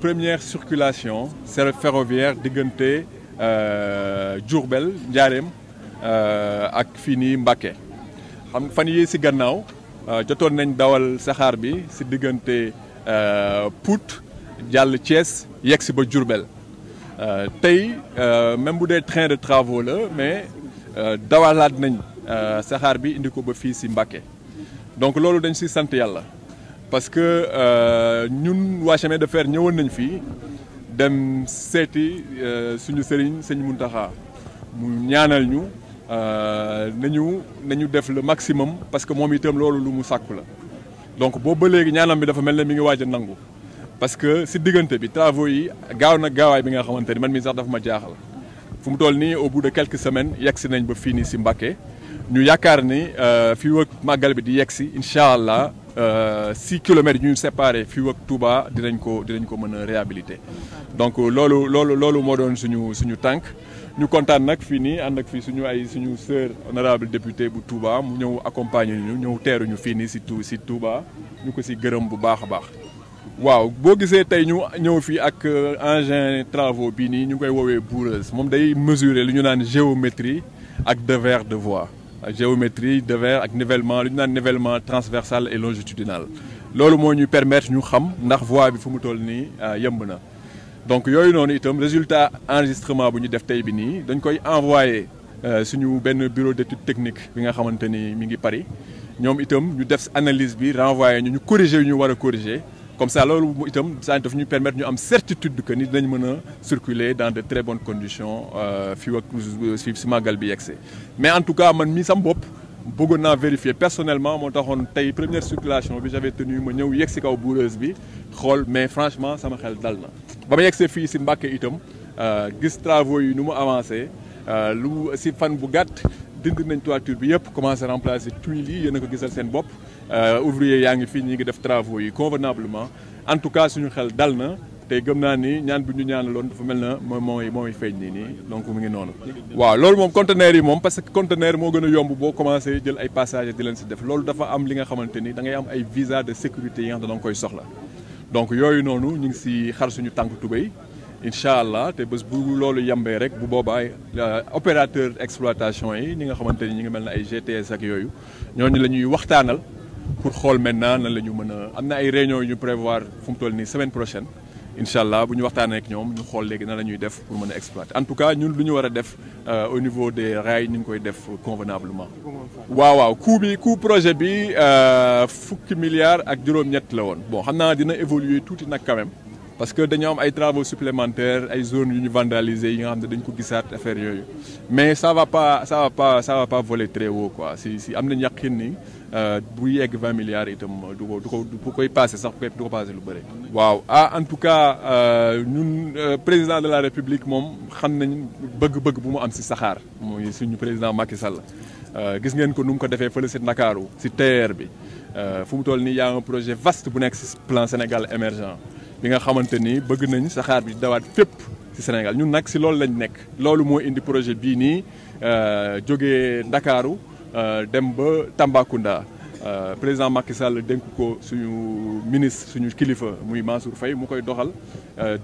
première circulation c'est ferroviaire diggante euh, Diourbel Njaareem euh, ak fii nii Mbacké xam fan yii si gannaaw euh, jotoon nañ dawal saxaar bi si diggante Pout jàll Thiès yegg si ba Diourbel tey même bu dee train de travaux la mais dawalaat nañ saxaar bi indi ko ba fii si Mbacké donc loolu dañ si sant yàlla. parce que euh, ñun waa chemin de fer ñëwoon nañ fii dem seeti euh, suñu sëriñ sëñ Muntaxa mu ñaanal ñu euh, nañu nañu def le maximum parce que moom itam loolu lu mu sàkku la donc boobu ba léegi ñaanam bi dafa mel ne mi ngi waaj a nangu parce que si diggante bi travaux yi gaaw na gaawaay bi nga xamante ni man mii sax dafa ma jaaxal fu mu toll nii au bout de quelques semaines yegg si nañ ba fii nii si Mbàkke ñu yaakaar ni fii ak màggal bi di yegg si incha allah Euh, six kilomètres yu ñu séparé fii ak Touba dinañ ko dinañ ko mën a réhabilité donc euh, loolu loolu loolu moo doon suñu suñu tànk ñu kontaan nag fii nii ànd ak fii suñu ay suñu sœur honorable député bu Touba mu ñëw accompagner ñu ñëw teeruñu fii nii si tu si Touba ñu ko si gërëm bu baax a baax waaw boo gisee tey ñu ñëw fii ak euh, engin travaux bii nii ñu koy woowee boureuse moom day mesurer lu ñu naan géométrie ak devers de voie ak géométrie devers ak nivellement lu ñu naan nivellement transversal et longitudinal loolu moo ñuy permettre ñu xam ndax voie bi fu mu toll nii euh, yëmb na donc yooyu noonu itam résultat enregistrement bu ñu def tey bi nii dañ koy envoyé euh, suñu benn bureau d'étude technique bi nga xamante ni mi ngi Paris ñoom itam ñu def analyse bi renvoyé ñu ñu corrigé yu ñu war a corrigé comme ça loolu itam saa daf ñuy permettre ñu am certitude que ni dinañ mën a circuler dans de très bonnes conditions fii ak euh, fii si maggal bi yegg see mais en tout cas man mii sama bopp bëggoon naa vérifier personnellement moo taxoon tey première circulation bi j'avais tenu ma ñëw yegg si kaw boureuse bi xool mais franchement sama xel dal na. ba ma yegg see fii si Mbàkke itam euh, gis travaux yi nu mu avancé euh, lu si fan bu gàtt dindi nañ toiture bi yëpp commencé remplacer tuiles yi yéen a ko gisal seen bopp. Euh, ouvrier yaa ngi fii ñi ngi def travaux yi convenablement en tout cas suñu xel dal na te gëm naa ni ñaan bu ñu ñaanaloon dafa mel na moom mooy mooy feeñ nii nii donc mu ngi noonu. waaw loolu moom conteneur yi moom parce que conteneur moo gën a yomb boo commencé jël ay passager di leen si def loolu dafa am li nga xamante ni da am ay visa de sécurité yi nga xam ne da nga koy soxla donc yooyu noonu ñu ngi si xar suñu tànk tubéy incha allah te bés bu loolu yembee rek bu boobaa euh, opérateur exploitation yi ñi nga xamante ni ñu ngi mel na ay GTS ak yooyu ñooñu la ñuy waxtaanal. pour xool maintenant na la ñu mën a am na ay réunion yu ñu prévoir fu mu toll ni semaine prochaine incha allah bu ñu waxtaanee ak ñoom ñu xool léegi nan la ñuy def pour mën a exploiter en tout cas ñun lu ñu war a def euh, au niveau des rails ñu ngi koy def convenablement. waaw waaw coût bi coût projet bi euh, fukki milliards ak juróom-ñett la woon bon xam naa dina évoluer tuuti nag quand parce que dañoo am ay travaux supplémentaires ay zones yu ñu vandaliser yi nga xam ne dañ ko gisaat affaire yooyu mais ça va pas ça va pas ça va très haut quoi si si am nañ yàqin ni euh, bu yegg vingt milliards itam euh, du ko du ko bu koy passé sax du ko passé lu bari waaw ah en tout cas euh, ñun président de la république moom xam nañ bëgg-bëgg bu mu am si saxaar muy suñu président Macky Sall gis ngeen ko nu mu ko defee fële si Ndakaaru si TER bi fu mu toll nii y a un projet vaste bu nekk si plan Sénégal émergent bi nga xamante ni bëgg nañ saxaar bi dawaat fépp ci Sénégal ñun nag ci loolu lañ nekk. loolu moo indi projet bii nii euh, jógee Ndakaaru euh, dem ba Tambacounda euh, président Macky Sall dénk ko suñu ministre suñu kilifa muy Mansour Faye mu koy doxal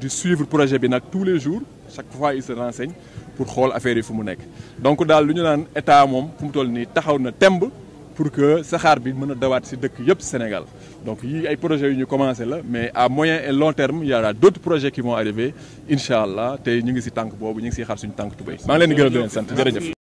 di suivre projet bi nag tous les jours chaque fois il se renseigne pour xool affaire yi fu mu nekk donc daal lu ñu naan état moom fu mu toll nii taxaw na temb. pour que saxaar bi mën a dawaat ci dëkk yëpp Sénégal donc yii ay projets yu ñu commencé la mais à moyen et long terme il y aura d' qui vont arriver incha allah te ñu ngi si tànk boobu ñu ngi ciy xaar suñu tànk tubéy. maa ngi leen di gërëm